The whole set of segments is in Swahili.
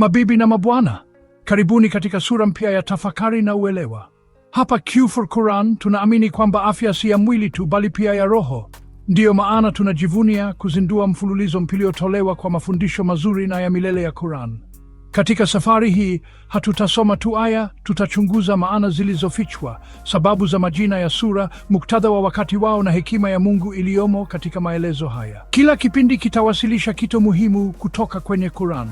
Mabibi na mabwana, karibuni katika sura mpya ya tafakari na uelewa. Hapa Q for Quran tunaamini kwamba afya si ya mwili tu, bali pia ya roho. Ndiyo maana tunajivunia kuzindua mfululizo mpiliotolewa kwa mafundisho mazuri na ya milele ya Quran. Katika safari hii hatutasoma tu aya, tutachunguza maana zilizofichwa, sababu za majina ya sura, muktadha wa wakati wao na hekima ya Mungu iliyomo katika maelezo haya. Kila kipindi kitawasilisha kito muhimu kutoka kwenye Quran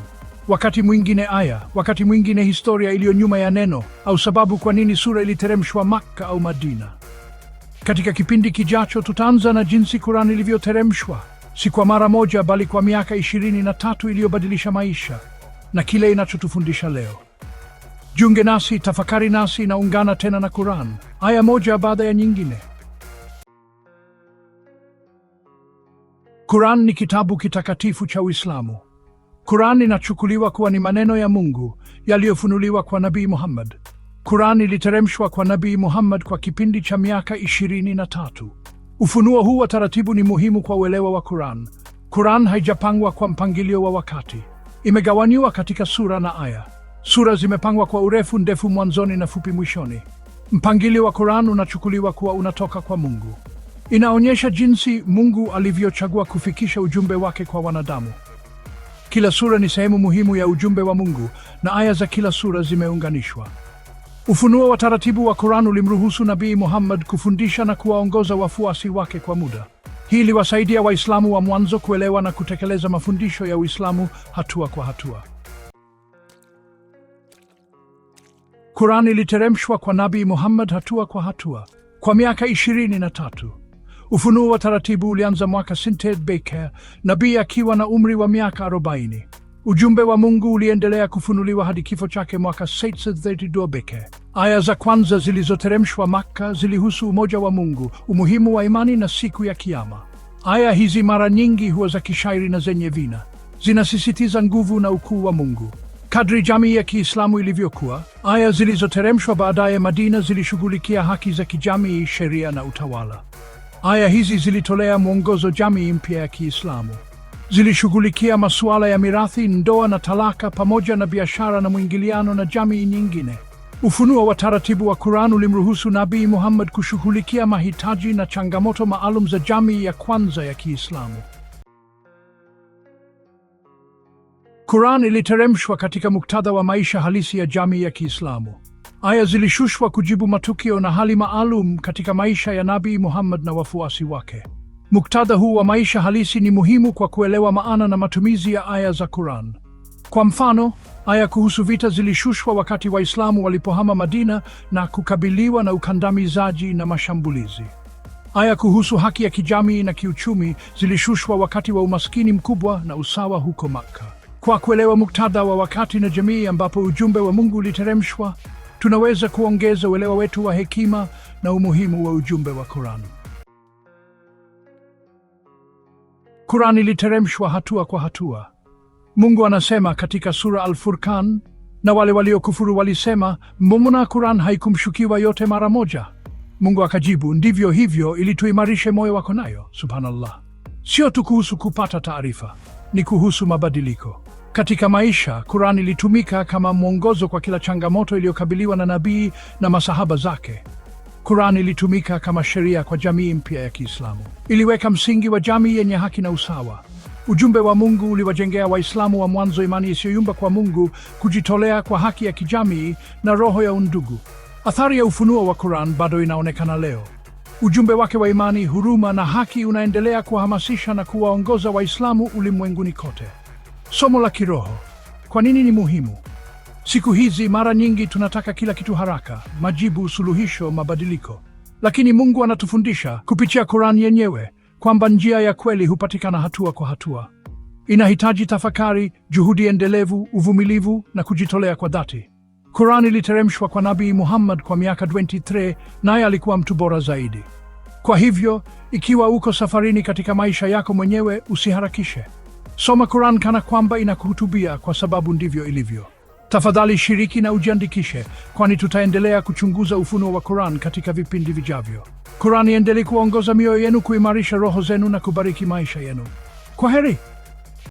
wakati mwingine aya, wakati mwingine historia iliyo nyuma ya neno, au sababu kwa nini sura iliteremshwa Makka au Madina. Katika kipindi kijacho tutaanza na jinsi Kurani ilivyoteremshwa, si kwa mara moja, bali kwa miaka ishirini na tatu iliyobadilisha maisha na kile inachotufundisha leo. Jiunge nasi, tafakari nasi, naungana tena na Kurani, aya moja baada ya nyingine. Kurani ni kitabu kitakatifu cha Uislamu. Quran inachukuliwa kuwa ni maneno ya Mungu yaliyofunuliwa kwa Nabii Muhammad. Quran iliteremshwa kwa Nabii Muhammad kwa kipindi cha miaka ishirini na tatu. Ufunuo huu wa taratibu ni muhimu kwa uelewa wa Quran. Quran haijapangwa kwa mpangilio wa wakati. Imegawanywa katika sura na aya. Sura zimepangwa kwa urefu, ndefu mwanzoni na fupi mwishoni. Mpangilio wa Quran unachukuliwa kuwa unatoka kwa Mungu. Inaonyesha jinsi Mungu alivyochagua kufikisha ujumbe wake kwa wanadamu. Kila sura ni sehemu muhimu ya ujumbe wa Mungu na aya za kila sura zimeunganishwa. Ufunuo wa taratibu wa Quran ulimruhusu Nabii Muhammad kufundisha na kuwaongoza wafuasi wake kwa muda. Hii iliwasaidia Waislamu wa mwanzo kuelewa na kutekeleza mafundisho ya Uislamu hatua kwa hatua. Quran iliteremshwa kwa Nabii Muhammad hatua kwa hatua kwa miaka ishirini na tatu. Ufunuo wa taratibu ulianza mwaka Sinted Baker, nabii akiwa na umri wa miaka arobaini. Ujumbe wa Mungu uliendelea kufunuliwa hadi kifo chake mwaka 632 Baker. Aya za kwanza zilizoteremshwa Makka zilihusu umoja wa Mungu, umuhimu wa imani na siku ya Kiyama. Aya hizi mara nyingi huwa za kishairi na zenye vina, zinasisitiza nguvu na ukuu wa Mungu. Kadri jamii ya Kiislamu ilivyokuwa, aya zilizoteremshwa baadaye Madina zilishughulikia haki za kijamii, sheria na utawala. Aya hizi zilitolea mwongozo jamii mpya ya Kiislamu. Zilishughulikia masuala ya mirathi, ndoa na talaka, pamoja na biashara na mwingiliano na jamii nyingine. Ufunuo wa taratibu wa Qur'an ulimruhusu Nabii Muhammad kushughulikia mahitaji na changamoto maalum za jamii ya kwanza ya Kiislamu. Qur'an iliteremshwa katika muktadha wa maisha halisi ya jamii ya Kiislamu. Aya zilishushwa kujibu matukio na hali maalum katika maisha ya Nabii Muhammad na wafuasi wake. Muktadha huu wa maisha halisi ni muhimu kwa kuelewa maana na matumizi ya aya za Quran. Kwa mfano, aya kuhusu vita zilishushwa wakati Waislamu walipohama Madina na kukabiliwa na ukandamizaji na mashambulizi. Aya kuhusu haki ya kijamii na kiuchumi zilishushwa wakati wa umaskini mkubwa na usawa huko Makka. Kwa kuelewa muktadha wa wakati na jamii ambapo ujumbe wa Mungu uliteremshwa, tunaweza kuongeza uelewa wetu wa hekima na umuhimu wa ujumbe wa Qur'an. Qur'an iliteremshwa hatua kwa hatua. Mungu anasema katika sura Al-Furqan, na wale waliokufuru walisema, mbona Qur'an haikumshukiwa yote mara moja? Mungu akajibu, ndivyo hivyo ili tuimarishe moyo wako nayo. Subhanallah, sio tu kuhusu kupata taarifa, ni kuhusu mabadiliko. Katika maisha, Qur'an ilitumika kama mwongozo kwa kila changamoto iliyokabiliwa na nabii na masahaba zake. Qur'an ilitumika kama sheria kwa jamii mpya ya Kiislamu. Iliweka msingi wa jamii yenye haki na usawa. Ujumbe wa Mungu uliwajengea Waislamu wa mwanzo imani isiyoyumba kwa Mungu, kujitolea kwa haki ya kijamii na roho ya undugu. Athari ya ufunuo wa Qur'an bado inaonekana leo. Ujumbe wake wa imani, huruma na haki unaendelea kuwahamasisha na kuwaongoza Waislamu ulimwenguni kote. Somo la kiroho. Kwa nini ni muhimu? Siku hizi mara nyingi tunataka kila kitu haraka, majibu, suluhisho, mabadiliko. Lakini Mungu anatufundisha kupitia Qur'an yenyewe kwamba njia ya kweli hupatikana hatua kwa hatua. Inahitaji tafakari, juhudi endelevu, uvumilivu na kujitolea kwa dhati. Qur'an iliteremshwa kwa Nabii Muhammad kwa miaka 23, naye alikuwa mtu bora zaidi. Kwa hivyo, ikiwa uko safarini katika maisha yako mwenyewe, usiharakishe. Soma Quran kana kwamba inakuhutubia kwa sababu ndivyo ilivyo. Tafadhali shiriki na ujiandikishe, kwani tutaendelea kuchunguza ufunuo wa Quran katika vipindi vijavyo. Quran iendelee kuongoza mioyo yenu, kuimarisha roho zenu na kubariki maisha yenu. Kwa heri.